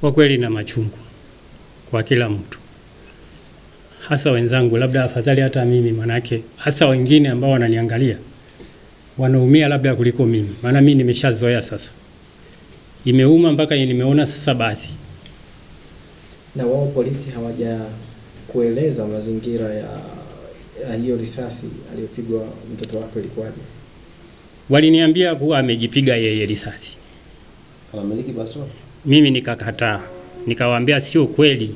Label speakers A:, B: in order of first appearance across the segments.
A: kwa kweli na machungu kwa kila mtu, hasa wenzangu, labda afadhali hata mimi, manake hasa wengine ambao wananiangalia wanaumia labda kuliko mimi, maana mimi nimeshazoea sasa, imeuma mpaka nimeona sasa basi.
B: Na wao polisi hawaja kueleza mazingira ya, ya hiyo risasi aliyopigwa mtoto wako ilikuwaje?
A: Waliniambia kuwa amejipiga yeye risasi, bastola mimi nikakataa, nikawaambia sio kweli.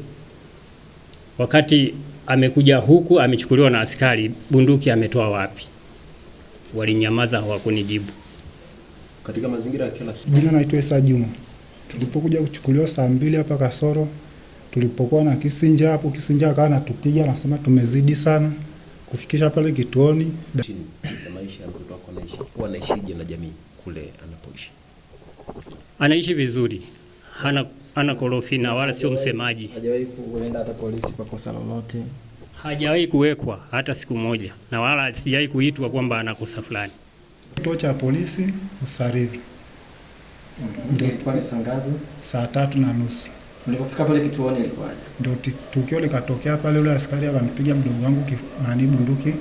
A: Wakati amekuja huku amechukuliwa na askari, bunduki ametoa wapi? Walinyamaza, hawakunijibu.
B: Katika mazingira ya kila siku.
C: Jina naitwa Isa Juma. Tulipokuja kuchukuliwa saa mbili hapa kasoro, tulipokuwa na Kisinja hapo, Kisinja akawa anatupiga anasema tumezidi sana kufikisha pale kituoni.
A: Anaishi vizuri hana, hana korofina wala sio msemaji,
B: hajawahi kuenda hata polisi kwa kosa lolote,
A: hajawahi kuwekwa hata siku moja, na wala sijawahi kuitwa kwamba ana kosa fulani.
C: Kituo cha polisi Usarivu saa tatu na nusu
B: Nilipofika pale kituoni
C: ndio tukio likatokea pale. Yule askari akanipiga mdogo wangu nani bunduki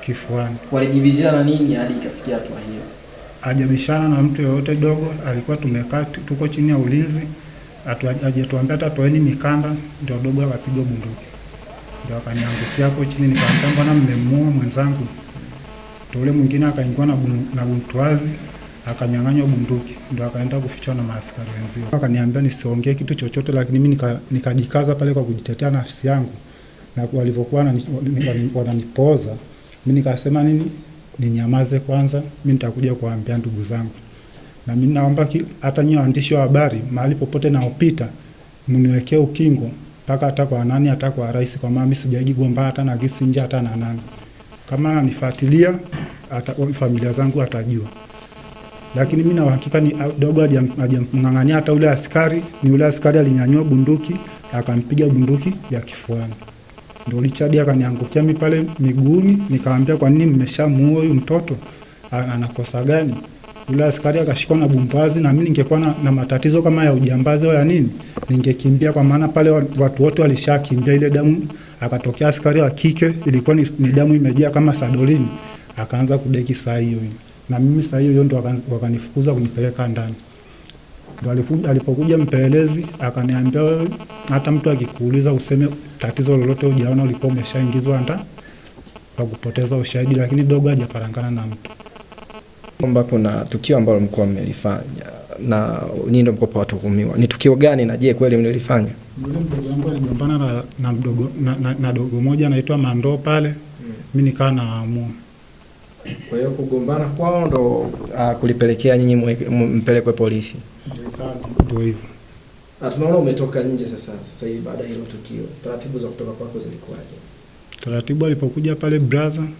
C: kifuani.
B: Walijibizana nini hadi ikafikia hatua hiyo?
C: hajabishana na mtu yoyote dogo, alikuwa tumekaa tuko chini ya ulinzi, hajatuambia hata toeni mikanda. Ndio dogo akapigwa bunduki, ndio akaniangukia hapo chini. Nikamwambia mbona mmemua mwenzangu? Ndio ule mwingine akaingiwa na buntuazi akanyang'anywa bunduki, ndio akaenda kufichwa na maaskari wenzio. Akaniambia nisiongee kitu chochote, lakini mimi nikajikaza nika pale kwa kujitetea nafsi yangu, na walivyokuwa wananipoza mimi nikasema nini ninyamaze kwanza, mimi nitakuja kuwaambia ndugu zangu. Na mimi naomba hata nyinyi waandishi wa habari, mahali popote naopita, mniwekee ukingo mpaka hata kwa nani, hata kwa rais, kwa maana mimi gomba hata na nje, hata na nani. Kama ananifuatilia hata familia zangu atajua, lakini mimi na uhakika ni dogo ajamng'ang'ania hata ule askari. Ni ule askari alinyanyua bunduki akampiga bunduki ya kifuani. Ndio Richard akaniangukia mi pale miguuni, nikamwambia kwa nini mmeshamuua huyu mtoto? Anakosa gani? Yule askari akashikwa na bumbazi, na mimi ningekuwa na, na matatizo kama ya ujambazi ya nini, ningekimbia kwa maana pale watu wote walishakimbia. Ile damu, akatokea askari wa kike, ilikuwa ni, ni damu imejaa kama sadolini, akaanza kudeki saa hiyo na mimi saa hiyo hiyo ndo wakanifukuza kunipeleka ndani. Ndo alipokuja mpelelezi akaniambia, hata mtu akikuuliza useme tatizo lolote ujaona ulikuwa umeshaingizwa hata kwa kupoteza ushahidi, lakini dogo hajaparangana na mtu
B: kwamba kuna tukio ambalo mlikuwa mmelifanya na nyinyi ndio mko watuhumiwa. Ni tukio gani na je, kweli mlilifanya?
C: Yule mdogo wangu aligombana na, na, mdogo, na, na, na dogo moja anaitwa Mando pale mm. Mimi nikaa naamua.
B: Kwa hiyo kugombana kwao ndo uh, kulipelekea nyinyi mpelekwe polisi? ndio hivyo. Na tunaona umetoka nje sasa, sasa hivi baada ya hilo tukio, taratibu za kutoka kwako zilikuwaje?
C: Taratibu alipokuja pale brother, hmm.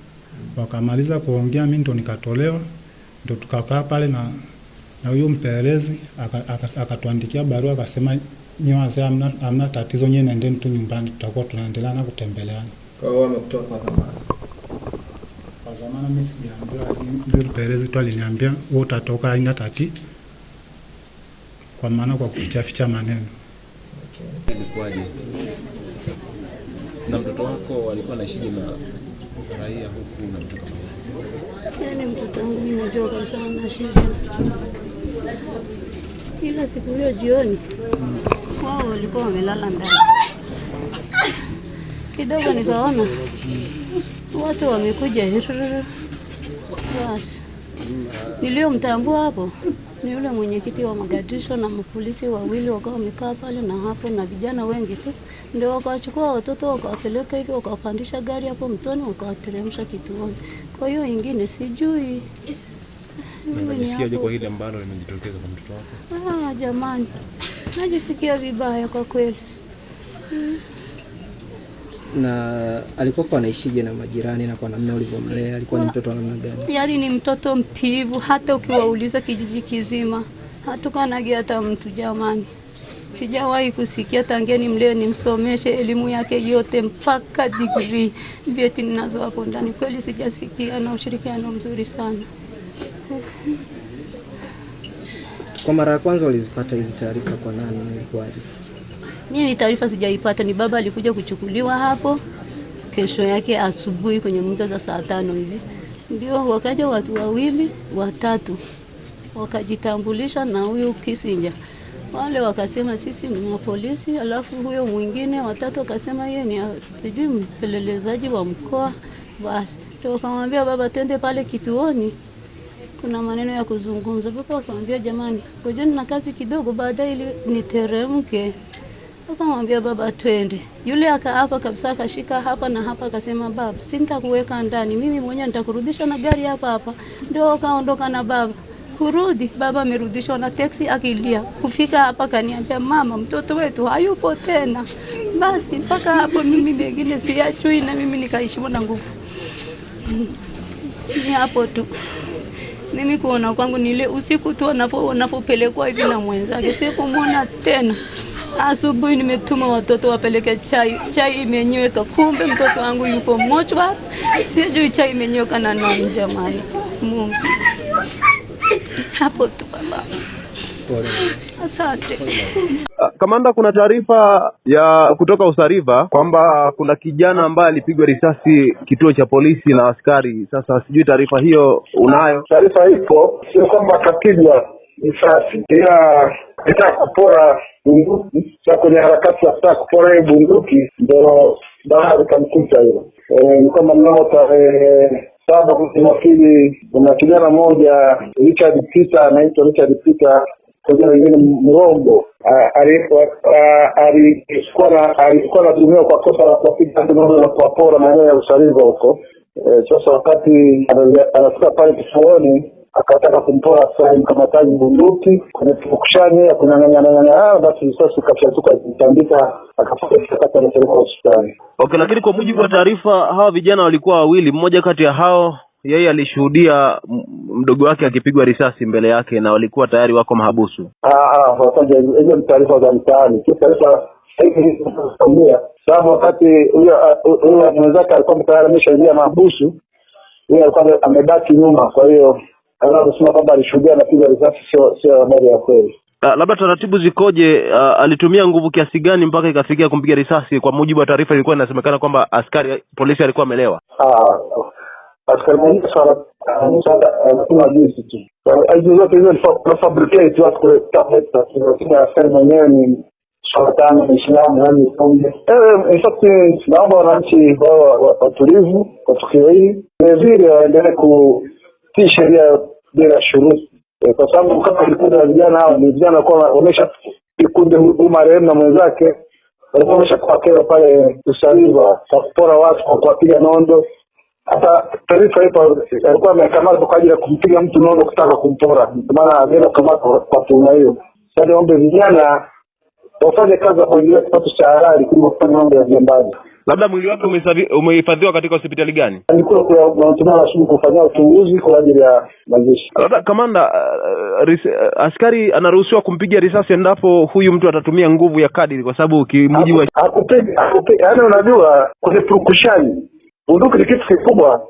C: wakamaliza kuongea, mimi ndo nikatolewa, ndo tukakaa pale na na huyo mpelelezi akatuandikia barua akasema, nyewe wazee amna, amna tatizo, nyewe nendeni tu nyumbani, tutakuwa tunaendelea na kutembeleana.
B: Kwa hiyo wamekutoa kwa dhamana.
C: Kwa dhamana mimi sijaambiwa, lakini yule mpelelezi tu aliniambia wewe utatoka, haina tatizo kwa maana kwa kufichaficha maneno.
B: Okay. Na mtoto wako alikuwa anaishi na raia huku na mtoto
D: kama Yaani mtoto wangu mimi najua kabisa ana shida, ila siku hiyo jioni wao walikuwa wamelala ndani kidogo, nikaona watu wamekuja, basi niliyomtambua hapo ni yule mwenyekiti wa magadisho na mapolisi wawili wakawa wamekaa pale na hapo, na vijana wengi tu ndio wakawachukua watoto wakawapeleka hivi, wakawapandisha gari hapo mtoni, wakawateremsha kituoni. Kwa hiyo ingine sijui
B: kwa hili ambalo limejitokeza kwa mtoto
D: wako. Ah, jamani, najisikia vibaya kwa kweli
B: na kwa anaishije na majirani na kwa namna ulivyomlea, alikuwa ni mtoto wa namna gani?
D: Yaani ni mtoto mtivu hata ukiwauliza kijiji kizima hatukanagi hata mtu jamani. Sijawahi kusikia tangia mlee nimsomeshe elimu yake yote mpaka degree, vyeti ninazo hapo ndani, kweli sijasikia, na ushirikiano mzuri sana
B: kwa mara ya kwanza ulizipata hizi taarifa kwa nani? Ilikuwaje?
D: Mimi taarifa sijaipata, ni baba alikuja kuchukuliwa hapo kesho yake asubuhi kwenye muda za saa tano hivi ndio wakaja watu wawili watatu wakajitambulisha na huyu Kisinja, wale wakasema sisi ni mapolisi, alafu huyo mwingine watatu akasema yeye ni sijui mpelelezaji wa mkoa. Basi ndio wakamwambia baba, twende pale kituoni kuna maneno ya kuzungumza. Baba akamwambia jamani, ngojeni na kazi kidogo, baadaye ili niteremke. Akamwambia baba, twende. Yule akaapa kabisa, akashika hapa na hapa, akasema baba, sitakuweka ndani, mimi mwenyewe nitakurudisha na gari hapa hapa. Ndio akaondoka na baba kurudi baba amerudishwa na teksi akilia. Kufika hapa kaniambia, mama, mtoto wetu hayupo tena. Basi mpaka hapo mimi mengine siachui, na mimi nikaishiwa na nguvu ni hapo tu. Mimi kuona kwangu ni ile usiku tu anapopelekwa hivi na mwenzake, sikumwona tena. Asubuhi nimetuma watoto wapeleke chai, chai imenyweka. Kumbe mtoto wangu yuko mochwa, sijui chai imenyweka na nani. Jamani, Mungu hapo tu baba. Asante.
E: Ah, Kamanda, kuna taarifa ya kutoka Usariva kwamba kuna kijana ambaye alipigwa risasi kituo cha polisi na askari. Sasa sijui taarifa hiyo unayo?
F: Taarifa ipo, sio kwamba akapigwa risasi, ila alitaka kupora bunduki. Sa kwenye harakati ya kutaka kupora hii bunduki, ndo bahari kamkuta hiyo. E, ni kwamba mnamo tarehe saba mwezi wa pili kuna kijana mmoja Richard Peter, anaitwa Richard Peter kuna wengine mrongo alikuwa anatumiwa kwa kosa la kuwapiga na kuwapora maeneo ya usariva huko. E, sasa wakati anafika pale kifuoni akataka kumpora kama mkamataji bunduki kwenye ya kifukushani, akunyang'anyanyang'anya ah, basi risasi ikafyatuka ikitambika, akafuka anapeleka hospitali.
E: Okay, lakini kwa mujibu wa taarifa hawa vijana walikuwa wawili, mmoja kati ya hao yeye alishuhudia mdogo wake akipigwa risasi mbele yake na walikuwa tayari wako mahabusu.
F: Ah, ah, Hizo ni taarifa za mtaani, sio taarifa sababu wakati huyo ah, mwenzake alikuwa tayari ameshaingia mahabusu, huyo alikuwa amebaki nyuma. Kwa hiyo kwamba alishuhudia anapigwa risasi, sio habari ya kweli.
E: Labda taratibu zikoje? Uh, alitumia nguvu kiasi gani mpaka ikafikia kumpiga risasi? Kwa mujibu wa taarifa, ilikuwa inasemekana kwamba askari polisi alikuwa amelewa
F: askari hatuna jinsi tu aji zote hizo tunafabricate watu kuleta pesa, tunasema askari mwenyewe ni shartani Muislamu yani pombe. In fact, naomba wananchi wao watulivu kwa tukio hili, vilevile waendelee kutii sheria bila shuruti, kwa sababu kama vikundi vijana hao ni vijana walikuwa wanaonyesha kikundi huyu na mwenzake walikuwa wameshakuwa kero pale usaliva kwa kupora watu kwa kuwapiga nondo hata taarifa hiyo alikuwa amekamatwa kwa ajili ya kumpiga mtu nono, kutaka kumpora, ndio maana ameenda kukamatwa kwa tuhuma hiyo. Sasa niombe vijana wafanye kazi ya kuingilia kipato cha halali kuliko kufanya mambo ya jambazi.
E: Labda mwili wake umehifadhiwa katika hospitali gani?
F: Nilikuwa tumaa rasmi kufanya uchunguzi kwa ajili ya mazishi.
E: Labda kamanda, uh, uh, uh, askari anaruhusiwa kumpiga risasi endapo huyu mtu atatumia nguvu ya kadiri, kwa sababu kimujibu
F: hakupigi hakupigi, yaani unajua kwenye purukushani bunduki ni kitu kikubwa.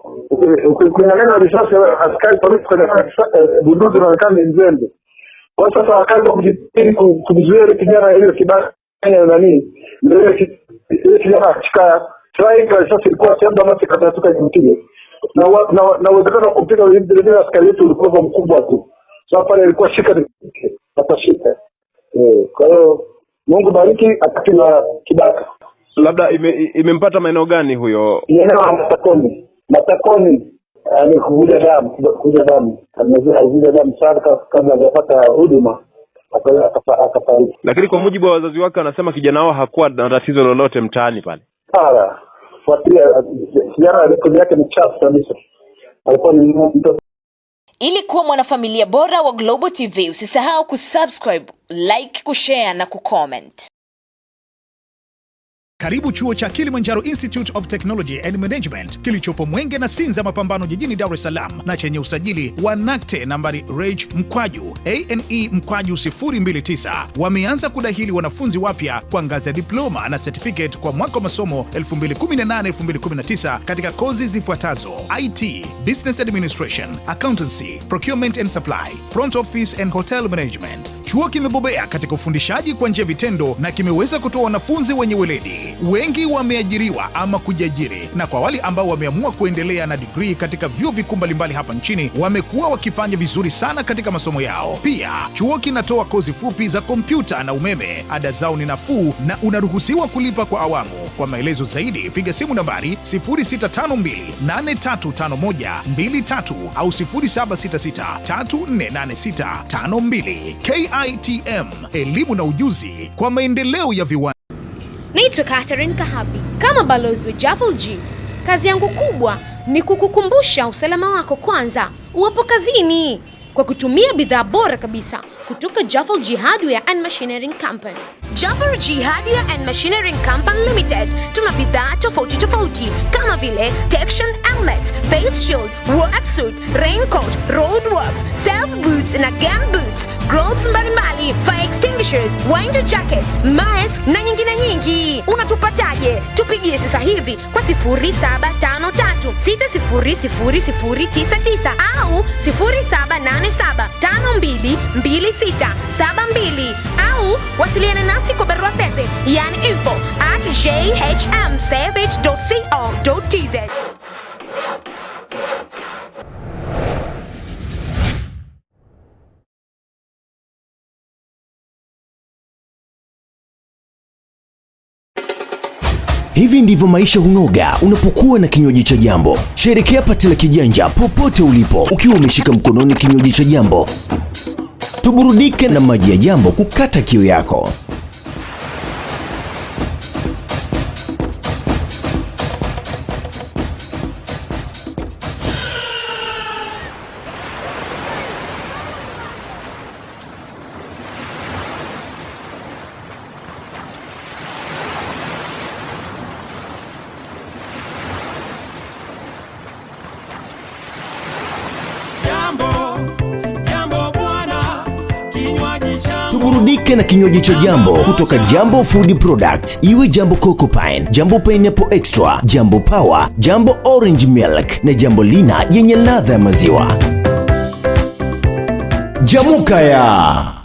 F: Ukinyang'anya risasi askari polisi kwenye eh, bunduki inaonekana ni mzembe. Kwa sasa wakati wa kumzuia ile kijana hiyo kibaya nani ndio ile kijana katika strike risasi ilikuwa chemba ama ikatatuka kimpiga na na uwezekano wa kumpiga vile askari wetu ulikuwa mkubwa tu. Sasa pale ilikuwa shika atashika. Eh, kwa hiyo Mungu bariki atakila
E: Labda imempata ime maeneo gani huyo?
F: Matakoni, matakoni eh, kuvuja damu, kuvuja damu, alivuja damu sana kabla hajapata huduma akafariki.
E: Lakini kwa mujibu wa wazazi wake, wanasema kijana wao hakuwa na tatizo lolote mtaani pale.
F: Hapana, fuatilia, kijana rekodi yake ni chafu kabisa, alikuwa ni mtoto
G: ili kuwa mwanafamilia bora wa Global TV, usisahau kusubscribe, like, kushare na kucomment.
H: Karibu chuo cha Kilimanjaro Institute of Technology and Management kilichopo Mwenge na Sinza Mapambano jijini Dar es Salaam na chenye usajili wa NACTE nambari REG mkwaju ane mkwaju 029 wameanza kudahili wanafunzi wapya kwa ngazi ya diploma na certificate kwa mwaka wa masomo 2018-2019 katika kozi zifuatazo: IT, Business Administration, Accountancy, Procurement and Supply, Front Office and Hotel Management Chuo kimebobea katika ufundishaji kwa njia vitendo na kimeweza kutoa wanafunzi wenye weledi. Wengi wameajiriwa ama kujiajiri, na kwa wale ambao wameamua kuendelea na digrii katika vyuo vikuu mbalimbali hapa nchini wamekuwa wakifanya vizuri sana katika masomo yao. Pia chuo kinatoa kozi fupi za kompyuta na umeme. Ada zao ni nafuu na unaruhusiwa kulipa kwa awamu. Kwa maelezo zaidi piga simu nambari 0652835123 au 0766348652. KITM, elimu na ujuzi kwa maendeleo ya viwanda.
I: Naitwa Catherine Kahabi kama balozi wa Javel G. Kazi yangu kubwa ni kukukumbusha usalama wako kwanza uwapo kazini kwa kutumia bidhaa bora kabisa kutoka Jafal Jihadware and Machinery Company. Jafal Jihadware and Machinery Company Limited tuna bidhaa tofauti tofauti kama vile protection helmets, face shield, worksuit, raincoat, road works, self boots na gum boots, gloves mbalimbali, fire extinguishers, winter jackets, masks na nyingine nyingi. Unatupataje? Tupigie sasa hivi kwa 0753 tano tatu sita sifuri sifuri sifuri tisa tisa au sifuri saba nane saba tano mbili mbili sita saba mbili au wasiliana nasi kwa barua pepe yani info at jhmsavage.co.tz.
J: Hivi ndivyo maisha hunoga unapokuwa na kinywaji cha Jambo. Sherekea pati la kijanja popote ulipo ukiwa umeshika mkononi kinywaji cha Jambo. Tuburudike na maji ya Jambo kukata kiu yako. Burudike na kinywaji cha Jambo kutoka Jambo Food Product, iwe Jambo Coco Pine, Jambo Pineapple Extra, Jambo Power, Jambo Orange Milk na Jambo Lina yenye ladha ya maziwa. Jamuka ya